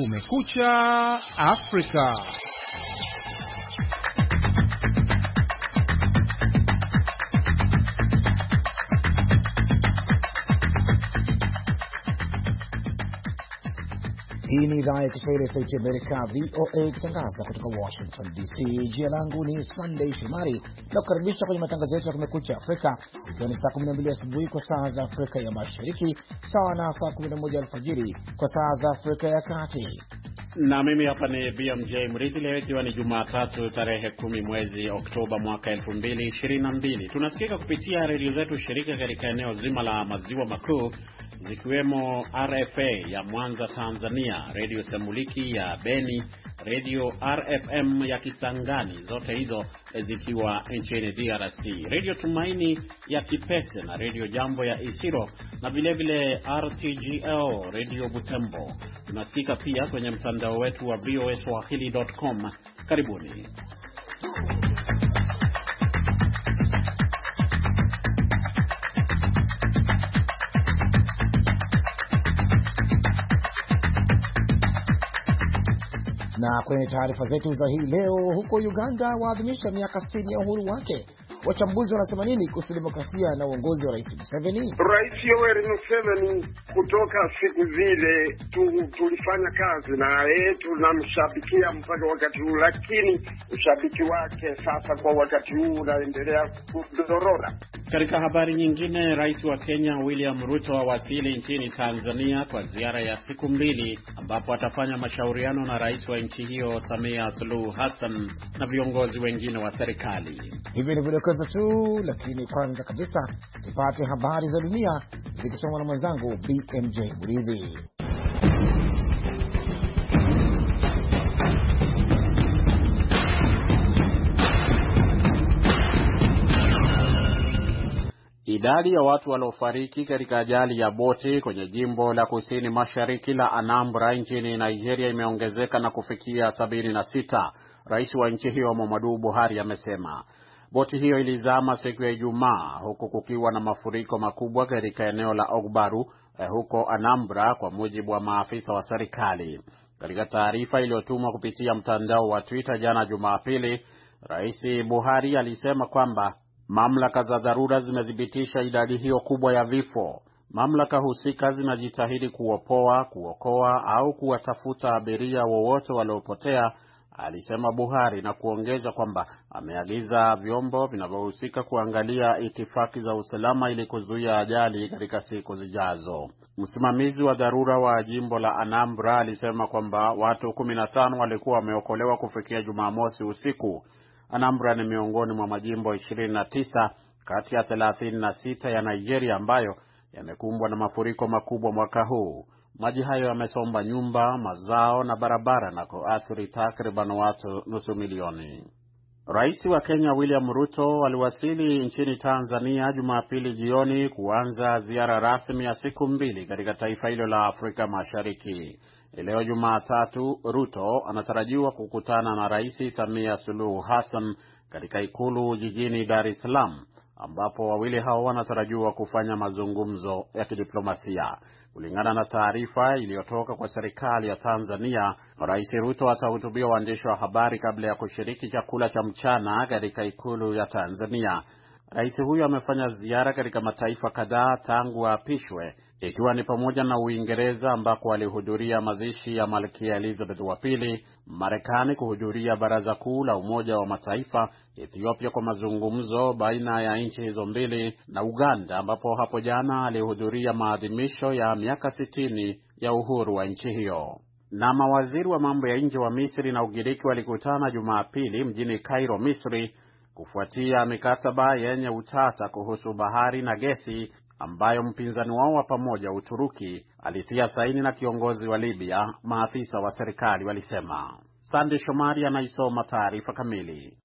Kumekucha Afrika. Hii ni idhaa ya Kiswahili ya Sauti Amerika, VOA, ikitangaza kutoka Washington DC. Jina langu ni Sunday Shomari na kukaribisha kwenye matangazo yetu ya Kumekucha Afrika, ikiwa ni saa 12 asubuhi kwa saa za Afrika ya Mashariki, sawa na saa 11 alfajiri kwa saa za Afrika ya Kati. Na mimi hapa ni BMJ Mridhi. Leo ikiwa ni Jumatatu tarehe kumi mwezi Oktoba mwaka 2022, tunasikika kupitia redio zetu shirika katika eneo zima la maziwa makuu zikiwemo RFA ya Mwanza Tanzania, Redio Semuliki ya Beni, Redio RFM ya Kisangani, zote hizo zikiwa nchini DRC, Redio Tumaini ya Kipese na Redio Jambo ya Isiro na vilevile RTGL Redio Butembo. Tunasikika pia kwenye mtandao wetu wa voa swahili.com. Karibuni. Na kwenye taarifa zetu za hii leo, huko Uganda waadhimisha miaka 60 ya uhuru wake Wachambuzi wanasema nini kuhusu demokrasia na uongozi wa Rais Museveni? Rais Yoweri Museveni, kutoka siku zile tu, tulifanya kazi yeye tunamshabikia mpaka wakati huu, lakini ushabiki wake sasa kwa wakati huu unaendelea kudorora. Katika habari nyingine, rais wa Kenya William Ruto awasili nchini Tanzania kwa ziara ya siku mbili, ambapo atafanya mashauriano na rais wa nchi hiyo Samia Suluhu Hassan na viongozi wengine wa serikali. Hivi ni vile vidokezo tu, lakini kwanza kabisa tupate habari za dunia zikisomwa na mwenzangu BMJ Muridhi. Idadi ya watu waliofariki katika ajali ya boti kwenye jimbo la kusini mashariki la Anambra nchini Nigeria imeongezeka na kufikia 76, rais wa nchi hiyo Muhammadu Buhari amesema. Boti hiyo ilizama siku ya Ijumaa huku kukiwa na mafuriko makubwa katika eneo la Ogbaru eh, huko Anambra, kwa mujibu wa maafisa wa serikali. Katika taarifa iliyotumwa kupitia mtandao wa Twitter jana Jumapili, Rais Buhari alisema kwamba mamlaka za dharura zimethibitisha idadi hiyo kubwa ya vifo. Mamlaka husika zinajitahidi kuopoa, kuokoa au kuwatafuta abiria wowote waliopotea alisema Buhari na kuongeza kwamba ameagiza vyombo vinavyohusika kuangalia itifaki za usalama ili kuzuia ajali katika siku zijazo. Msimamizi wa dharura wa jimbo la Anambra alisema kwamba watu kumi na tano walikuwa wameokolewa kufikia Jumamosi usiku. Anambra ni miongoni mwa majimbo 29 kati ya 36 ya Nigeria ambayo yamekumbwa na mafuriko makubwa mwaka huu. Maji hayo yamesomba nyumba, mazao na barabara na kuathiri takriban watu nusu milioni. Rais wa Kenya William Ruto aliwasili nchini Tanzania Jumapili jioni kuanza ziara rasmi ya siku mbili katika taifa hilo la Afrika Mashariki. Leo Jumatatu, Ruto anatarajiwa kukutana na Rais Samia Suluhu Hassan katika ikulu jijini Dar es Salaam ambapo wawili hao wanatarajiwa kufanya mazungumzo ya kidiplomasia. Kulingana na taarifa iliyotoka kwa serikali ya Tanzania, Rais Ruto atahutubia waandishi wa habari kabla ya kushiriki chakula cha mchana katika ikulu ya Tanzania. Rais huyo amefanya ziara katika mataifa kadhaa tangu aapishwe ikiwa ni pamoja na Uingereza ambako alihudhuria mazishi ya Malkia Elizabeth wa pili, Marekani kuhudhuria Baraza Kuu la Umoja wa Mataifa, Ethiopia kwa mazungumzo baina ya nchi hizo mbili, na Uganda ambapo hapo jana alihudhuria maadhimisho ya miaka sitini ya uhuru wa nchi hiyo. Na mawaziri wa mambo ya nje wa Misri na Ugiriki walikutana Jumapili mjini Cairo, Misri kufuatia mikataba yenye utata kuhusu bahari na gesi ambayo mpinzani wao wa pamoja Uturuki alitia saini na kiongozi wa Libya, maafisa wa serikali walisema. Sande Shomari anaisoma taarifa kamili.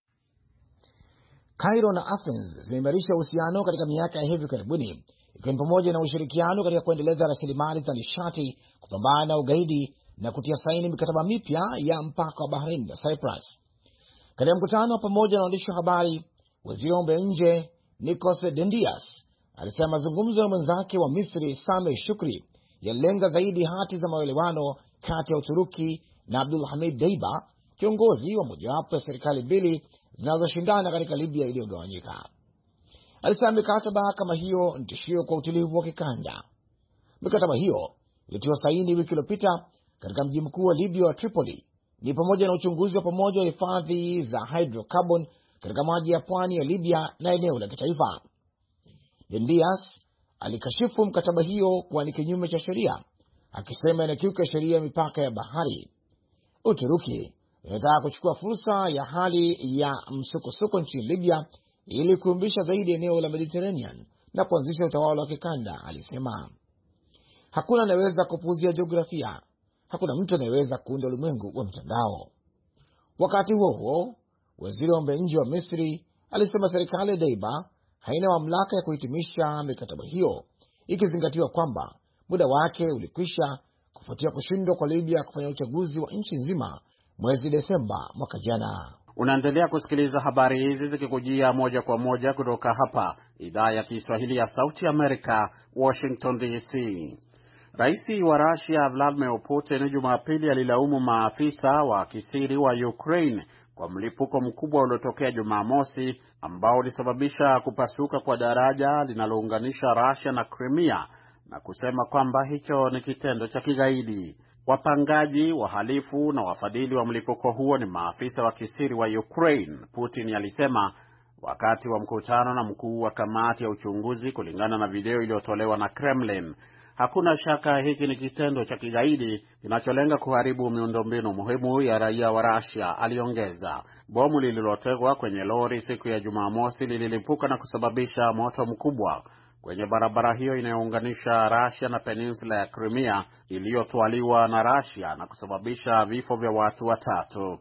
Cairo na Athens zimeimarisha uhusiano katika miaka ya hivi karibuni, ikiwa ni pamoja na ushirikiano katika kuendeleza rasilimali za nishati, kupambana na ugaidi na kutia saini mikataba mipya ya mpaka wa Bahrain na Cyprus. Katika mkutano wa pamoja na waandishi wa habari, waziri wa mambo ya nje Nikos Dendias alisema mazungumzo ya mwenzake wa Misri Sameh Shukri yalilenga zaidi hati za maelewano kati ya Uturuki na Abdul Hamid Deiba, kiongozi wa mojawapo ya serikali mbili zinazoshindana katika Libya iliyogawanyika. Alisema mikataba kama hiyo ni tishio kwa utulivu wa kikanda. Mikataba hiyo ilitiwa saini wiki iliyopita katika mji mkuu wa Libya wa Tripoli, ni pamoja na uchunguzi wa pamoja wa hifadhi za hydrocarbon katika maji ya pwani ya Libya na eneo la kitaifa. Hendias alikashifu mkataba hiyo kuwa ni kinyume cha sheria, akisema inakiuka sheria ya mipaka ya bahari. Uturuki inataka kuchukua fursa ya hali ya msukosuko nchini Libya ili kuumbisha zaidi eneo la Mediterranean na kuanzisha utawala wa kikanda, alisema. Hakuna anayeweza kupuuzia jiografia. Hakuna mtu anayeweza kuunda ulimwengu wa mtandao. Wakati huo huo, waziri wa mambo ya nje wa Misri alisema serikali ya Daiba haina mamlaka ya kuhitimisha mikataba hiyo, ikizingatiwa kwamba muda wake ulikwisha kufuatia kushindwa kwa Libya kufanya uchaguzi wa nchi nzima mwezi Desemba mwaka jana. Unaendelea kusikiliza habari hizi zikikujia moja kwa moja kutoka hapa idhaa ya Kiswahili ya Sauti Amerika, Washington DC. Rais wa Rusia Vladimir Putin Jumapili alilaumu maafisa wa kisiri wa Ukraine kwa mlipuko mkubwa uliotokea Jumamosi ambao ulisababisha kupasuka kwa daraja linalounganisha Russia na Crimea na kusema kwamba hicho ni kitendo cha kigaidi. Wapangaji, wahalifu na wafadhili wa mlipuko huo ni maafisa wa kisiri wa Ukraine, Putin alisema wakati wa mkutano na mkuu wa kamati ya uchunguzi, kulingana na video iliyotolewa na Kremlin. Hakuna shaka hiki ni kitendo cha kigaidi kinacholenga kuharibu miundombinu muhimu ya raia wa rasia aliongeza. Bomu lililotegwa kwenye lori siku ya Jumamosi lililipuka na kusababisha moto mkubwa kwenye barabara hiyo inayounganisha rasia na peninsula ya Crimea iliyotwaliwa na rasia na kusababisha vifo vya watu watatu.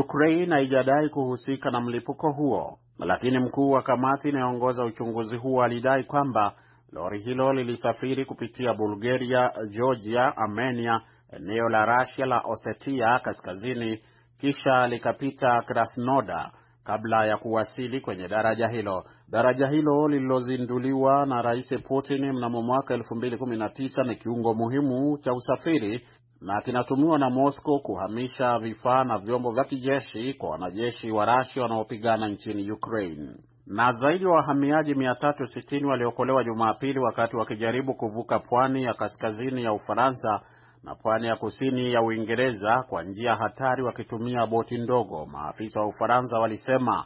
Ukraine haijadai kuhusika na mlipuko huo, lakini mkuu wa kamati inayoongoza uchunguzi huo alidai kwamba Lori hilo lilisafiri kupitia Bulgaria, Georgia, Armenia, eneo la rasia la Osetia kaskazini, kisha likapita krasnoda kabla ya kuwasili kwenye daraja hilo. Daraja hilo lililozinduliwa na Rais Putin mnamo mwaka 2019 ni kiungo muhimu cha usafiri na kinatumiwa na Moscow kuhamisha vifaa na vyombo vya kijeshi kwa wanajeshi wa rasia wanaopigana nchini Ukraine na zaidi ya wahamiaji 360 waliokolewa Jumapili wakati wakijaribu kuvuka pwani ya kaskazini ya Ufaransa na pwani ya kusini ya Uingereza kwa njia hatari wakitumia boti ndogo, maafisa wa Ufaransa walisema.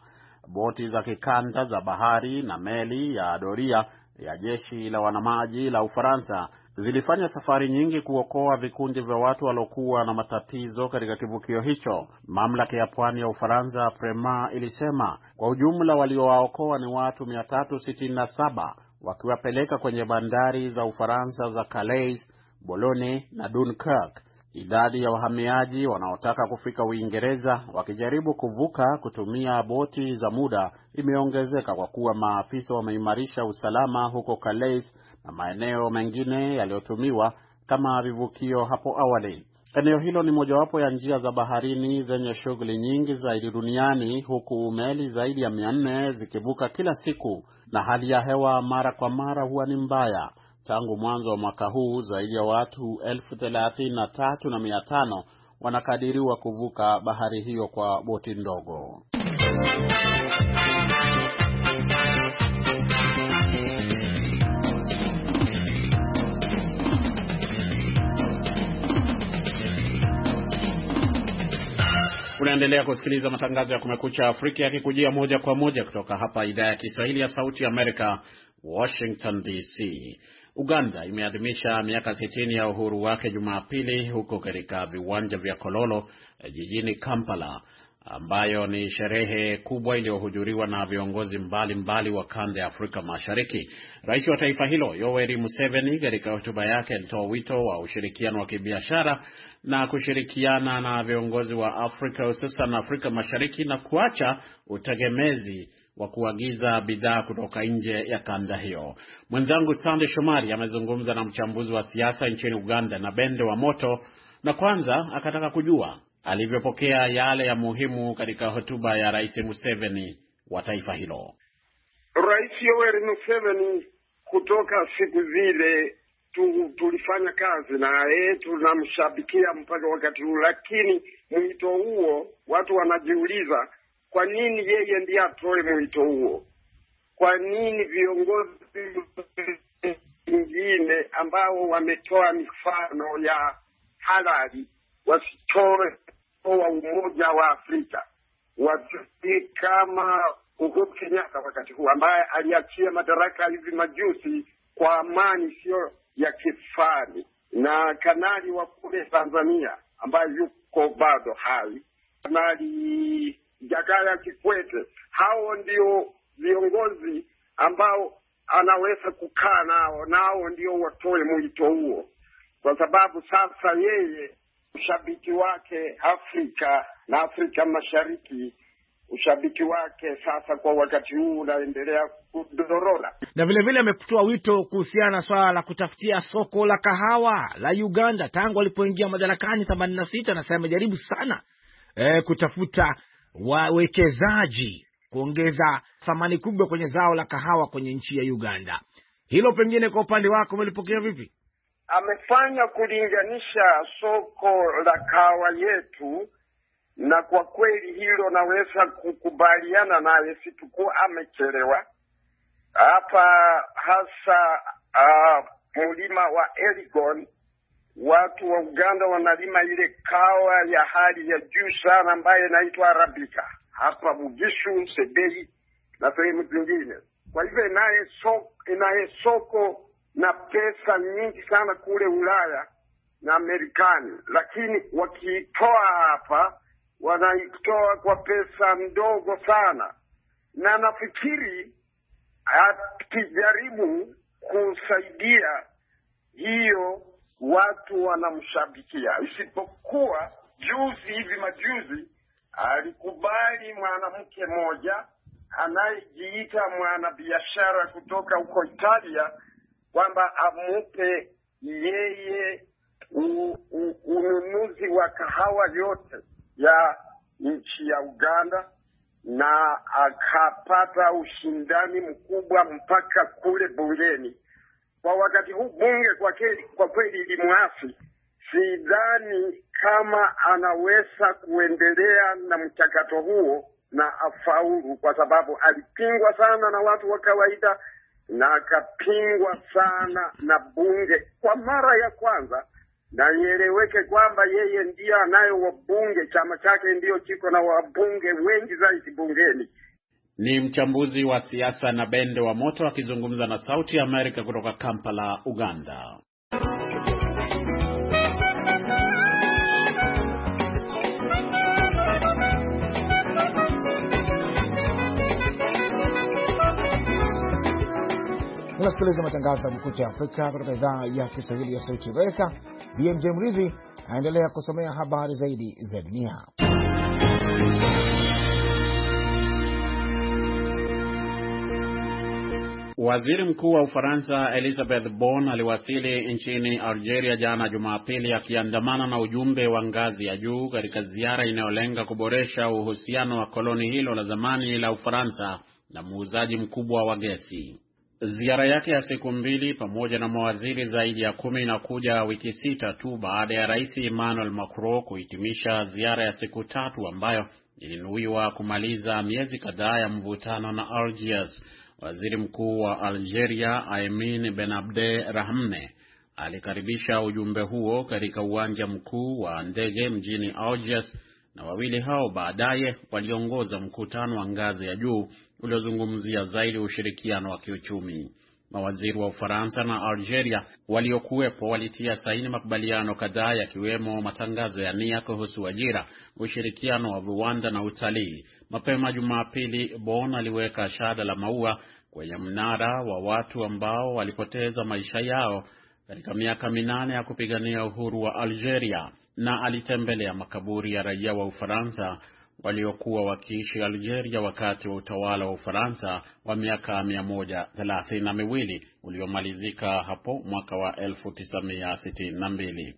Boti za kikanda za bahari na meli ya doria ya jeshi la wanamaji la Ufaransa zilifanya safari nyingi kuokoa vikundi vya watu waliokuwa na matatizo katika kivukio hicho. Mamlaka ya pwani ya Ufaransa Prema ilisema kwa ujumla waliowaokoa ni watu 367 wakiwapeleka kwenye bandari za Ufaransa za Calais, Boulogne na Dunkirk. Idadi ya wahamiaji wanaotaka kufika Uingereza wakijaribu kuvuka kutumia boti za muda imeongezeka kwa kuwa maafisa wameimarisha usalama huko Calais na maeneo mengine yaliyotumiwa kama vivukio hapo awali. Eneo hilo ni mojawapo ya njia za baharini zenye shughuli nyingi zaidi duniani huku meli zaidi ya mia nne zikivuka kila siku na hali ya hewa mara kwa mara huwa ni mbaya. Tangu mwanzo wa mwaka huu zaidi ya watu elfu thelathini na tatu na mia tano wanakadiriwa kuvuka bahari hiyo kwa boti ndogo. Unaendelea kusikiliza matangazo ya Kumekucha Afrika yakikujia moja kwa moja kutoka hapa idhaa ya Kiswahili ya Sauti ya Amerika, Washington DC. Uganda imeadhimisha miaka sitini ya uhuru wake Jumapili huko katika viwanja vya Kololo eh, jijini Kampala, ambayo ni sherehe kubwa iliyohudhuriwa na viongozi mbalimbali mbali wa kanda ya Afrika Mashariki. Rais wa taifa hilo Yoweri Museveni katika hotuba yake alitoa wito wa ushirikiano wa kibiashara na kushirikiana na viongozi wa Afrika hususan Afrika Mashariki na kuacha utegemezi wa kuagiza bidhaa kutoka nje ya kanda hiyo. Mwenzangu Sande Shomari amezungumza na mchambuzi wa siasa nchini Uganda na Bende wa Moto, na kwanza akataka kujua alivyopokea yale ya muhimu katika hotuba ya Rais Museveni wa taifa hilo. Rais Yoweri Museveni kutoka siku zile tu, tulifanya kazi naye, tunamshabikia mpaka wakati huu, lakini mwito huo watu wanajiuliza kwa nini yeye ndiye atoe mwito huo? Kwa nini viongozi wengine ambao wametoa mifano ya halali wasitoe wa Umoja wa Afrika wajui kama Uhuru Kenyatta wakati huu ambaye aliachia madaraka hivi majuzi kwa amani sio ya kifani, na kanali wa kule Tanzania ambaye yuko bado hai, kanali Jakaya Kikwete. Hao ndio viongozi ambao anaweza kukaa nao, nao ndio watoe mwito huo, kwa sababu sasa yeye ushabiki wake Afrika na Afrika Mashariki ushabiki wake sasa kwa wakati huu unaendelea kudorora, na vile vile amekutoa wito kuhusiana na swala la kutafutia soko la kahawa la Uganda. Tangu alipoingia madarakani themanini na sita, anasema amejaribu sana eh, kutafuta wawekezaji kuongeza thamani kubwa kwenye zao la kahawa kwenye nchi ya Uganda. Hilo pengine kwa upande wako umelipokea vipi? Amefanya kulinganisha soko la kahawa yetu, na kwa kweli hilo naweza kukubaliana naye, situkuwa amechelewa hapa, hasa uh, mlima wa Elgon watu wa Uganda wanalima ile kawa ya hali ya juu sana ambayo inaitwa Arabika hapa Bugishu, Sebei na sehemu zingine. Kwa hivyo inaye soko, inaye soko na pesa nyingi sana kule Ulaya na Amerikani, lakini wakiitoa hapa wanaitoa kwa pesa mdogo sana, na nafikiri akijaribu kusaidia hiyo watu wanamshabikia, isipokuwa juzi, hivi majuzi, alikubali mwanamke mmoja anayejiita mwanabiashara kutoka huko Italia kwamba amupe yeye ununuzi wa kahawa yote ya nchi ya Uganda na akapata ushindani mkubwa mpaka kule bungeni kwa wakati huu bunge kwa kweli, kwa kweli limuasi. Sidhani kama anaweza kuendelea na mchakato huo na afaulu, kwa sababu alipingwa sana na watu wa kawaida na akapingwa sana na bunge kwa mara ya kwanza. Na ieleweke kwamba yeye ndiye anayo wabunge, chama chake ndiyo kiko na wabunge wengi zaidi bungeni. Ni mchambuzi wa siasa na Bende wa Moto akizungumza na Sauti ya Amerika kutoka Kampala, Uganda. Unasikiliza matangazo ya Kumekucha Afrika kutoka idhaa ya Kiswahili ya Sauti Amerika. BMJ Mridhi aendelea kusomea habari zaidi za dunia. Waziri Mkuu wa Ufaransa Elizabeth bon aliwasili nchini Algeria jana Jumapili akiandamana na ujumbe wa ngazi ya juu katika ziara inayolenga kuboresha uhusiano wa koloni hilo la zamani la Ufaransa na muuzaji mkubwa wa gesi. Ziara yake ya siku mbili pamoja na mawaziri zaidi ya kumi inakuja wiki sita tu baada ya Rais Emmanuel Macron kuhitimisha ziara ya siku tatu ambayo ilinuiwa kumaliza miezi kadhaa ya mvutano na Algiers Waziri Mkuu wa Algeria Aimin Benabde Rahmne alikaribisha ujumbe huo katika uwanja mkuu wa ndege mjini Algiers, na wawili hao baadaye waliongoza mkutano wa ngazi ya juu uliozungumzia zaidi ushirikiano wa kiuchumi. Mawaziri wa Ufaransa na Algeria waliokuwepo walitia saini makubaliano kadhaa yakiwemo matangazo ya nia kuhusu ajira, ushirikiano wa viwanda na utalii. Mapema Jumapili, Bon aliweka shada la maua kwenye mnara wa watu ambao walipoteza maisha yao katika miaka minane ya kupigania uhuru wa Algeria na alitembelea makaburi ya raia wa Ufaransa waliokuwa wakiishi Algeria wakati wa utawala wa Ufaransa wa miaka mia moja thelathini na miwili uliomalizika hapo mwaka wa 1962.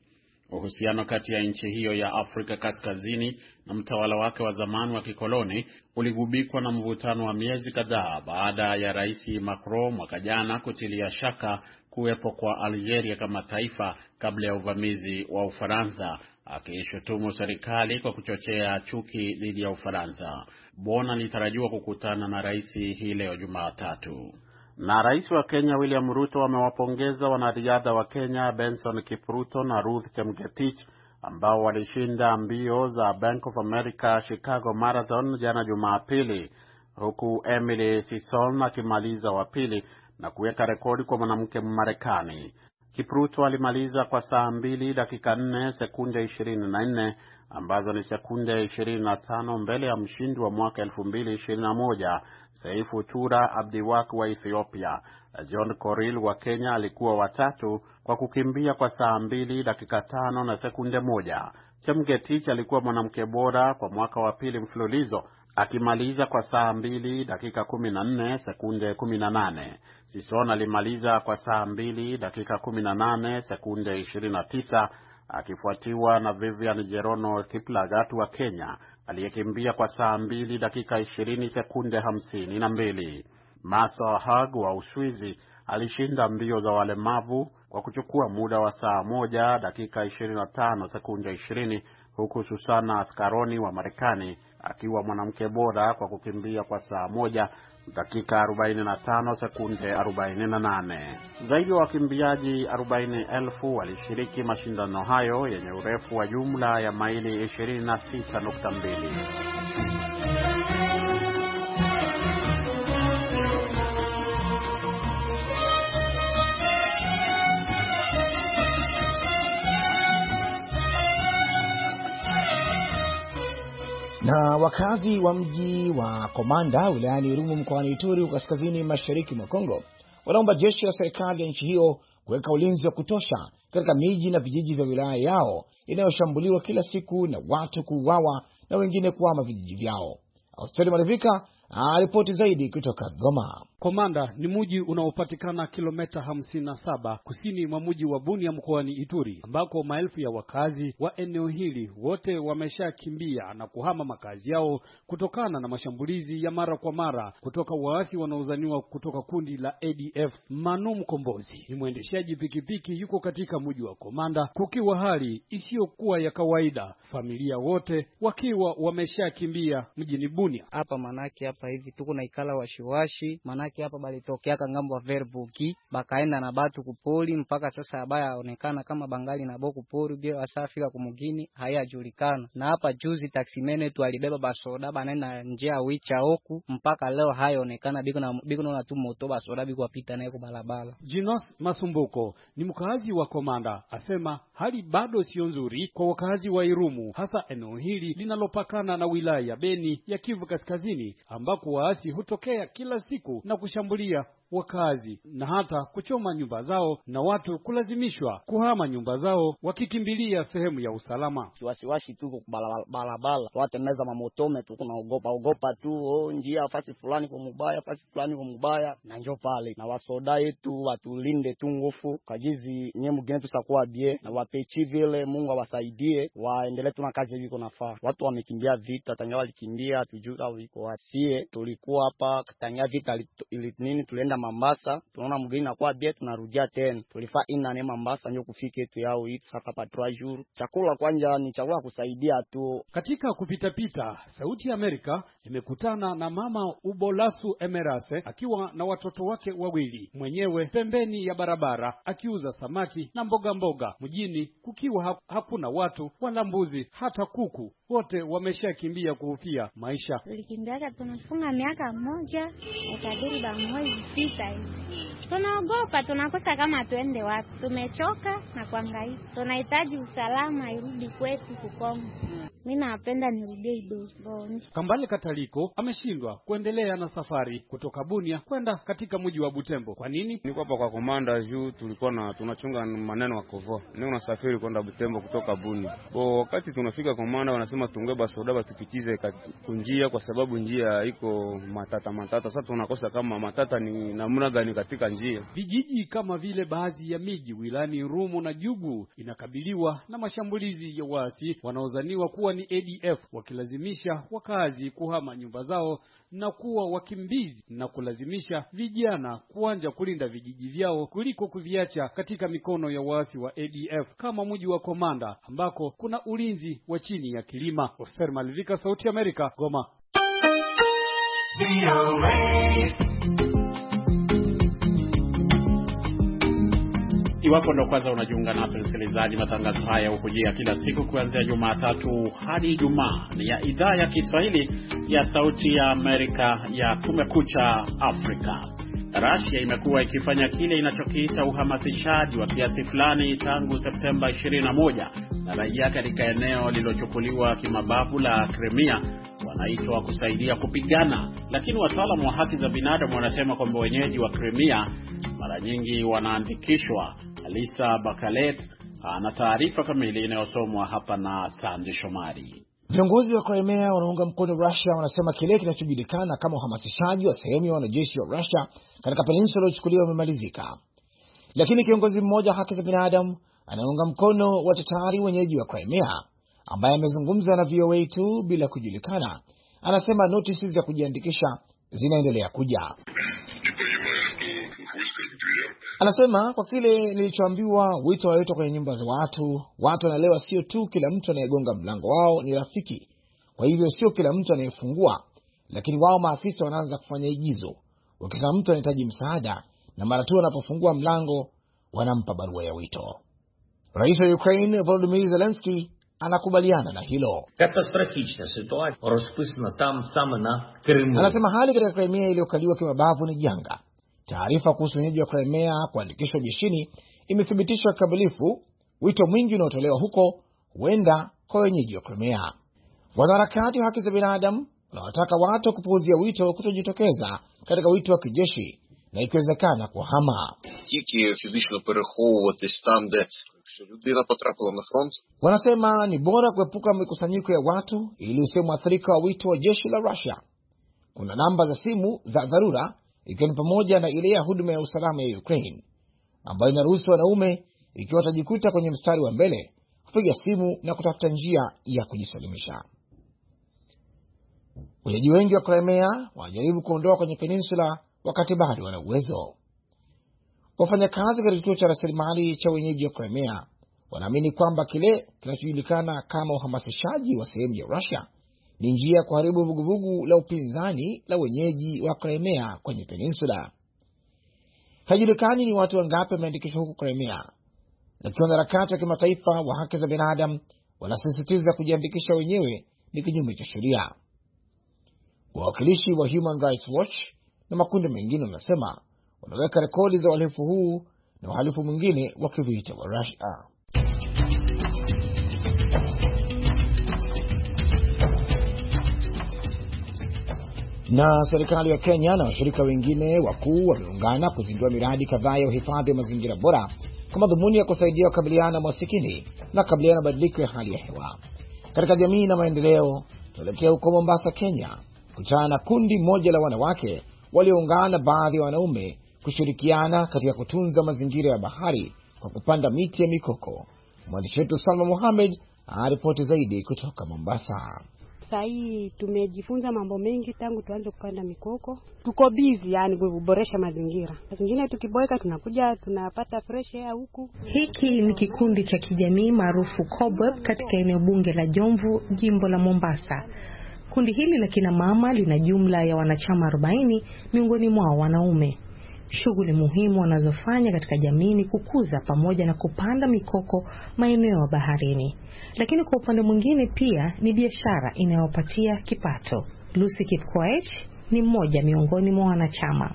Uhusiano kati ya nchi hiyo ya Afrika Kaskazini na mtawala wake wa zamani wa kikoloni uligubikwa na mvutano wa miezi kadhaa baada ya Rais Macron mwaka jana kutilia shaka kuwepo kwa Algeria kama taifa kabla ya uvamizi wa Ufaransa akishutumu serikali kwa kuchochea chuki dhidi ya Ufaransa. Bon alitarajiwa kukutana na rais hii leo Jumatatu. Na rais wa Kenya William Ruto amewapongeza wanariadha wa Kenya Benson Kipruto na Ruth Chemgetich ambao walishinda mbio za Bank of America Chicago Marathon jana Jumapili, huku Emily Sison akimaliza wa pili na kuweka rekodi kwa mwanamke Mmarekani. Kipruto alimaliza kwa saa mbili dakika nne sekunde nne ambazo ni sekunde tano mbele ya mshindi wa mwaka moja Seifu Tura Abdiwak wa Ethiopia. John Coril wa Kenya alikuwa watatu kwa kukimbia kwa saa mbili dakika tano na sekunde moja. Chemgetich alikuwa mwanamke bora kwa mwaka wa pili mfululizo akimaliza kwa saa mbili dakika kumi na nne sekunde kumi na nane. Sison alimaliza kwa saa mbili dakika kumi na nane sekunde ishirini na tisa akifuatiwa na Vivian Jerono Kiplagat wa Kenya aliyekimbia kwa saa mbili dakika ishirini sekunde hamsini na mbili. Martha Hag wa Uswizi alishinda mbio za walemavu kwa kuchukua muda wa saa moja dakika 25 sekunde ishirini huku Susana Askaroni wa Marekani akiwa mwanamke bora kwa kukimbia kwa saa moja dakika 45 sekunde 48. Zaidi ya wakimbiaji 40,000 walishiriki mashindano hayo yenye urefu wa jumla ya maili 26.2. Na wakazi wa mji wa Komanda wilayani Irumu mkoani Ituri kaskazini mashariki mwa Kongo wanaomba jeshi la serikali ya nchi hiyo kuweka ulinzi wa kutosha katika miji na vijiji vya wilaya yao inayoshambuliwa kila siku na watu kuuawa na wengine kuhama vijiji vyao. Austeri malivika aripoti zaidi kutoka Goma. Komanda ni mji unaopatikana kilomita hamsini na saba kusini mwa mji wa Bunia mkoani Ituri, ambako maelfu ya wakazi wa eneo hili wote wameshakimbia na kuhama makazi yao kutokana na mashambulizi ya mara kwa mara kutoka waasi wanaozaniwa kutoka kundi la ADF. Manu Mkombozi ni mwendeshaji pikipiki, yuko katika mji wa Komanda, kukiwa hali isiyokuwa ya kawaida, familia wote wakiwa wameshakimbia mjini Bunia hapa, manake hapa hivi tuko naikala washiwashi, manake manake hapa balitokeaka ngambo wa Verbuki bakaenda na batu kupori mpaka sasa abaya aonekana kama bangali na boku pori bio asafika kumugini hayajulikana. Na hapa juzi taksimene tu alibeba basoda banaenda njia wicha oku mpaka leo hayaonekana, biko na na tu moto basoda biko apita naye kwa barabara. Jinos Masumbuko ni mkazi wa Komanda asema hali bado sio nzuri kwa wakazi wa Irumu, hasa eneo hili linalopakana na wilaya ya Beni ya Kivu Kaskazini ambako waasi hutokea kila siku na na kushambulia wakazi na hata kuchoma nyumba zao na watu kulazimishwa kuhama nyumba zao wakikimbilia sehemu ya usalama. Wasiwasi tu barabara, watu meza mamotome tu, kunaogopa ogopa tu, oh, njia fasi fulani kwa mubaya, fasi fulani kwa mubaya, na njo pale na wasoda yetu watulinde tu ngufu kajizi nye mgeni tusakuwa bie na wapechi vile. Mungu awasaidie waendelee tu na kazi viko nafaa. Watu wamekimbia vita, tangia walikimbia tujua wiko wasie, tulikuwa hapa tangia vita ili nini tulienda tunaenda Mambasa, tunaona mgeni na kwa bia tunarudia tena. tulifa ina ne Mambasa ndio kufike tu yao hii tusaka pa 3 jours. Chakula kwanja ni chakula kusaidia tu. Katika kupitapita, Sauti ya Amerika imekutana na mama Ubolasu Emerase akiwa na watoto wake wawili, mwenyewe pembeni ya barabara akiuza samaki na mboga mboga, mjini kukiwa hakuna watu wala mbuzi hata kuku, wote wameshakimbia kuhufia maisha. Tulikimbiaka tunafunga miaka moja ukadiri bamoizi kabisa Tunaogopa, tunakosa kama tuende wapi. Tumechoka na kuangaika, tunahitaji usalama irudi kwetu Kukongo. Mimi napenda nirudie Idosboni. Kambale Kataliko ameshindwa kuendelea na safari kutoka Bunia kwenda katika mji wa Butembo. Kwa nini? Niko hapa kwa komanda juu tulikuwa na tunachunga maneno ya kovoa, ni unasafiri kwenda Butembo kutoka Bunia. Bo, wakati tunafika komanda wanasema tungoe basoda batupitize kunjia, kwa sababu njia iko matata matata. Sasa tunakosa kama matata ni namna gani katika njia. Vijiji kama vile baadhi ya miji wilani Rumu na Jugu inakabiliwa na mashambulizi ya waasi wanaozaniwa kuwa ni ADF wakilazimisha wakazi kuhama nyumba zao na kuwa wakimbizi na kulazimisha vijana kuanja kulinda vijiji vyao kuliko kuviacha katika mikono ya waasi wa ADF kama mji wa Komanda ambako kuna ulinzi wa chini ya kilima. Oser Malivika, Sauti ya Amerika, Goma. Iwapo ndo kwanza unajiunga nasi msikilizaji, matangazo haya hukujia kila siku kuanzia Jumatatu hadi Ijumaa ya idhaa ya Kiswahili ya Sauti ya Amerika ya Kumekucha Afrika. Rasia imekuwa ikifanya kile inachokiita uhamasishaji wa kiasi fulani tangu Septemba 21 na raia katika eneo lililochukuliwa kimabavu la Crimea wanaitwa kusaidia kupigana, lakini wataalamu wa haki za binadamu wanasema kwamba wenyeji wa Crimea mara nyingi wanaandikishwa. Lisa Bakalet ana taarifa kamili inayosomwa hapa na Sandi Shomari. Viongozi wa Crimea wanaunga mkono Rusia wanasema kile kinachojulikana kama uhamasishaji wa sehemu ya wanajeshi wa Rusia katika peninsula iliyochukuliwa umemalizika, lakini kiongozi mmoja wa haki za binadamu anaunga mkono wa Tatari wenyeji wa Crimea ambaye amezungumza na VOA tu bila kujulikana, anasema notisi za kujiandikisha zinaendelea kuja. Anasema kwa kile nilichoambiwa, wito waletwa kwenye nyumba za watu. Watu wanaelewa, sio tu kila mtu anayegonga mlango wao ni rafiki, kwa hivyo sio kila mtu anayefungua, lakini wao maafisa wanaanza kufanya igizo, wakisema mtu anahitaji msaada, na mara tu wanapofungua mlango wanampa barua ya wito. Rais wa Ukraine Volodymyr Zelensky anakubaliana na hilo. Anasema hali katika Crimea iliyokaliwa kimabavu ni janga Taarifa kuhusu wenyeji wa Crimea kuandikishwa jeshini imethibitishwa kikamilifu wito mwingi unaotolewa huko huenda kwa wenyeji wa Crimea. Wanaharakati wa haki za binadamu wanawataka watu kupuuzia wito kutojitokeza katika wito wa kijeshi na ikiwezekana kuhama. Тільки wanasema ni bora kuepuka mikusanyiko ya watu ili usiwe mwathirika wa wito wa jeshi la rusia Kuna namba za simu za dharura ikiwa ni pamoja na ile ya huduma ya usalama ya Ukraine ambayo inaruhusu wanaume, ikiwa watajikuta kwenye mstari wa mbele, kupiga simu na kutafuta njia ya kujisalimisha. Wenyeji wengi wa Crimea wanajaribu kuondoa kwenye peninsula wakati bado wana uwezo. Wafanyakazi katika kituo cha rasilimali cha wenyeji wa Crimea wanaamini kwamba kile kinachojulikana kama uhamasishaji wa sehemu ya Rusia ni njia ya kuharibu vuguvugu la upinzani la wenyeji wa Crimea kwenye peninsula. Haijulikani ni watu wangapi wameandikishwa huku Crimea, lakini wanaharakati wa kimataifa wa haki za binadamu wanasisitiza kujiandikisha wenyewe ni kinyume cha sheria. Wawakilishi wa Human Rights Watch na makundi mengine wanasema wanaweka rekodi za uhalifu huu na uhalifu mwingine wa kivita wa Russia. Na serikali ya Kenya na washirika wengine wakuu wameungana kuzindua miradi kadhaa ya uhifadhi wa mazingira bora kwa madhumuni ya kusaidia kukabiliana na masikini na kukabiliana na mabadiliko ya hali ya hewa. Katika jamii na maendeleo, tunaelekea huko Mombasa, Kenya, kutana na kundi moja la wanawake walioungana na baadhi ya wanaume kushirikiana katika kutunza mazingira ya bahari kwa kupanda miti ya mikoko. Mwandishi wetu Salma Mohamed aripoti zaidi kutoka Mombasa. Saa tumejifunza mambo mengi tangu tuanze kupanda mikoko. Tuko bizi yani kuboresha mazingira. Zingine tukiboeka, tunakuja tunapata fresh air huku. Hiki ni kikundi cha kijamii maarufu Cobweb katika eneo bunge la Jomvu, jimbo la Mombasa. Kundi hili la kina mama lina jumla ya wanachama 40, miongoni mwao wanaume. Shughuli muhimu wanazofanya katika jamii ni kukuza pamoja na kupanda mikoko maeneo ya baharini, lakini kwa upande mwingine pia ni biashara inayopatia kipato. Lucy Kipkoech ni mmoja miongoni mwa wanachama.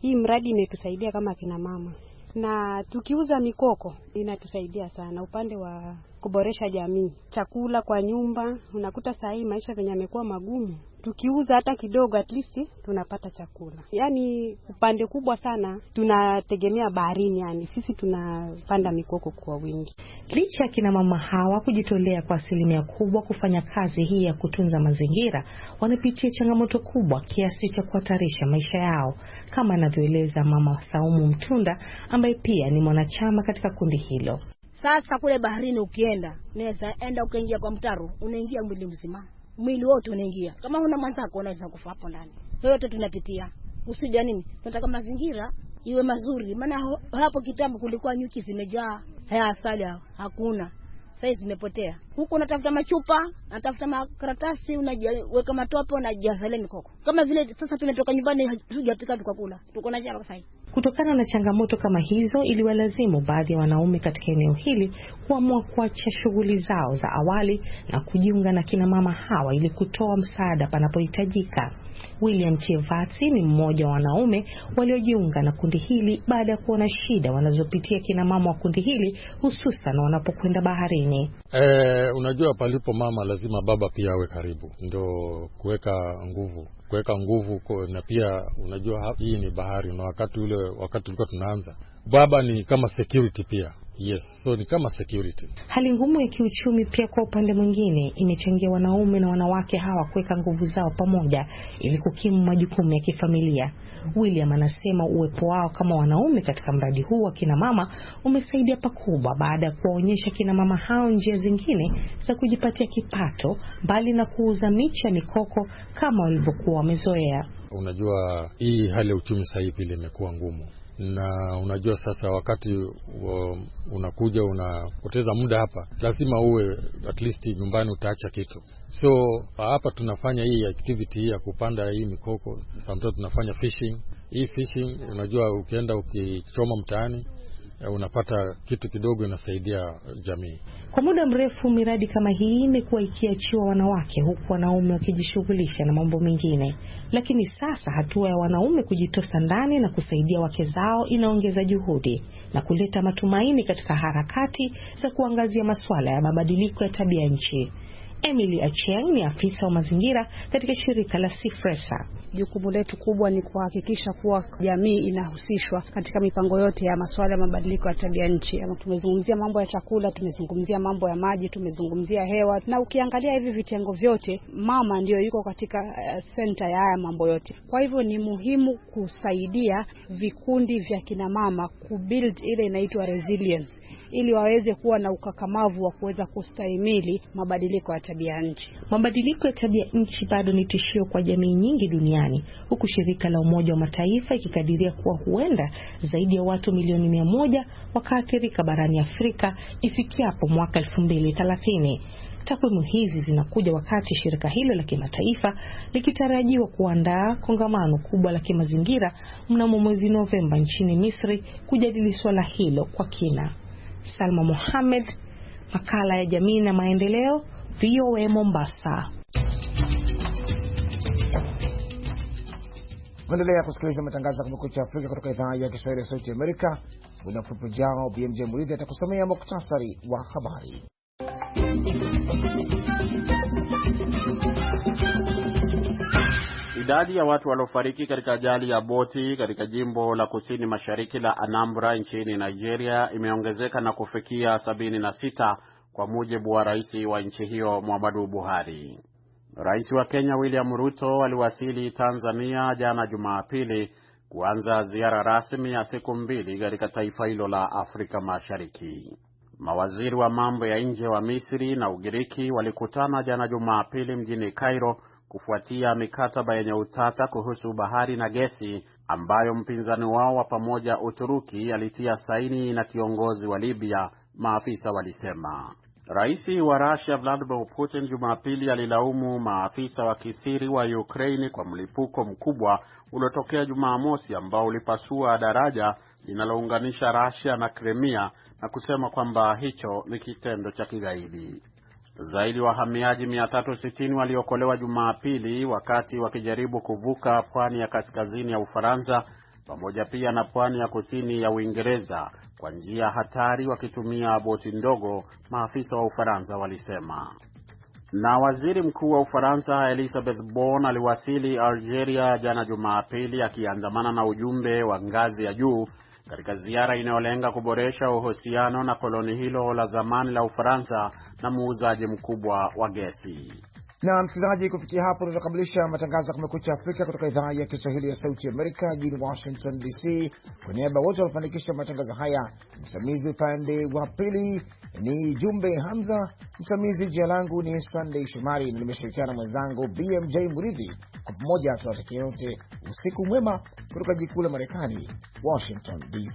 Hii mradi imetusaidia kama kina mama, na tukiuza mikoko inatusaidia sana upande wa kuboresha jamii, chakula kwa nyumba. Unakuta saa hii maisha venye yamekuwa magumu, tukiuza hata kidogo, at least tunapata chakula. Yaani upande kubwa sana tunategemea baharini, yani sisi tunapanda mikoko kwa wingi. Licha ya kina mama hawa kujitolea kwa asilimia kubwa kufanya kazi hii ya kutunza mazingira, wanapitia changamoto kubwa kiasi cha kuhatarisha maisha yao, kama anavyoeleza Mama Saumu Mtunda ambaye pia ni mwanachama katika kundi hilo. Sasa kule baharini ukienda, unaweza enda ukaingia kwa mtaro, unaingia mwili mzima, mwili wote unaingia. Kama huna mwenzako, unaweza kufa hapo ndani. Yote tunapitia kusudi nini? Tunataka mazingira iwe mazuri, maana hapo kitambo kulikuwa nyuki zimejaa, haya asali hakuna saizi zimepotea. Huku unatafuta machupa, unatafuta makaratasi, unajiweka matope, unajazalia mikoko. Kama vile sasa tumetoka nyumbani, hatujapika tukakula, tuko na njaa sasa. Kutokana na changamoto kama hizo, iliwalazimu baadhi ya wanaume katika eneo hili kuamua kuacha shughuli zao za awali na kujiunga na kinamama hawa ili kutoa msaada panapohitajika. William Chevati ni mmoja wa wanaume waliojiunga na kundi hili baada ya kuona shida wanazopitia kina mama wa kundi hili hususan wanapokwenda baharini. Eh, unajua palipo mama lazima baba pia awe karibu, ndio kuweka nguvu kuweka nguvu na pia unajua hii ni bahari, na wakati ule wakati tulikuwa tunaanza, baba ni kama security pia Yes, so ni kama security. Hali ngumu ya kiuchumi pia kwa upande mwingine imechangia wanaume na wanawake hawa kuweka nguvu zao pamoja ili kukimu majukumu ya kifamilia. William anasema uwepo wao kama wanaume katika mradi huu wa kina mama umesaidia pakubwa baada ya kuwaonyesha kina mama hao njia zingine za kujipatia kipato mbali na kuuza miche ya mikoko kama walivyokuwa wamezoea. Unajua, hii hali ya uchumi sasa hivi imekuwa ngumu na unajua sasa, wakati wa unakuja unapoteza muda hapa, lazima uwe at least nyumbani utaacha kitu. So hapa tunafanya hii activity hii ya kupanda hii mikoko, sometimes tunafanya fishing. Hii fishing unajua, ukienda ukichoma mtaani Eh, unapata kitu kidogo inasaidia eh, jamii. Kwa muda mrefu miradi kama hii imekuwa ikiachiwa wanawake, huku wanaume wakijishughulisha na mambo mengine, lakini sasa hatua ya wanaume kujitosa ndani na kusaidia wake zao inaongeza juhudi na kuleta matumaini katika harakati za kuangazia masuala ya mabadiliko ya tabia nchi. Emily Achieng ni afisa wa mazingira katika shirika la Sifresa. Jukumu letu kubwa ni kuhakikisha kuwa jamii inahusishwa katika mipango yote ya masuala ya mabadiliko ya tabia nchi. Tumezungumzia mambo ya chakula, tumezungumzia mambo ya maji, tumezungumzia hewa, na ukiangalia hivi vitengo vyote, mama ndiyo yuko katika uh, eh, senta ya haya mambo yote. Kwa hivyo ni muhimu kusaidia vikundi vya kinamama kubuild ile inaitwa resilience, ili waweze kuwa na ukakamavu wa kuweza kustahimili mabadiliko ya tabia tabia nchi. Mabadiliko ya tabia nchi bado ni tishio kwa jamii nyingi duniani, huku shirika la Umoja wa Mataifa ikikadiria kuwa huenda zaidi ya watu milioni mia moja wakaathirika barani Afrika ifikiapo mwaka elfu mbili thelathini. Takwimu hizi zinakuja wakati shirika hilo la kimataifa likitarajiwa kuandaa kongamano kubwa la kimazingira mnamo mwezi Novemba nchini Misri kujadili suala hilo kwa kina. Salma Mohamed, makala ya jamii na maendeleo VOA Mombasa. Kuendelea kusikiliza matangazo ya Kumekucha Afrika kutoka idhaa ya Kiswahili ya Sauti Amerika. Muda mfupi ujao, BMJ Muridhi atakusomea muktasari wa habari. Idadi ya watu waliofariki katika ajali ya boti katika jimbo la kusini mashariki la Anambra nchini Nigeria imeongezeka na kufikia sabini na sita kwa mujibu wa rais wa nchi hiyo Muhammadu Buhari. Rais wa Kenya William Ruto aliwasili Tanzania jana Jumapili kuanza ziara rasmi ya siku mbili katika taifa hilo la Afrika Mashariki. Mawaziri wa mambo ya nje wa Misri na Ugiriki walikutana jana Jumapili mjini Cairo kufuatia mikataba yenye utata kuhusu bahari na gesi ambayo mpinzani wao wa pamoja Uturuki alitia saini na kiongozi wa Libya, maafisa walisema. Rais wa Russia Vladimir Putin Jumapili alilaumu maafisa wa kisiri wa Ukraini kwa mlipuko mkubwa uliotokea Jumamosi ambao ulipasua daraja linalounganisha Russia na Crimea na kusema kwamba hicho ni kitendo cha kigaidi. Zaidi wahamiaji 360 waliokolewa Jumapili wakati wakijaribu kuvuka pwani ya kaskazini ya Ufaransa pamoja pia na pwani ya kusini ya Uingereza kwa njia hatari wakitumia boti ndogo, maafisa wa Ufaransa walisema. Na waziri mkuu wa Ufaransa Elizabeth Borne aliwasili Algeria jana Jumapili akiandamana na ujumbe wa ngazi ya juu katika ziara inayolenga kuboresha uhusiano na koloni hilo la zamani la Ufaransa na muuzaji mkubwa wa gesi. Na msikilizaji, kufikia hapo tunakamilisha matangazo ya Kumekucha Afrika kutoka idhaa ya Kiswahili ya Sauti Amerika jijini Washington DC. Kwa niaba wote walifanikisha matangazo haya, msimamizi upande wa pili ni Jumbe Hamza, msimamizi. Jina langu ni Sandey Shomari, nimeshirikiana na mwenzangu BMJ Muridhi. Kwa pamoja tunawatakia yote usiku mwema kutoka jikuu la Marekani, Washington DC.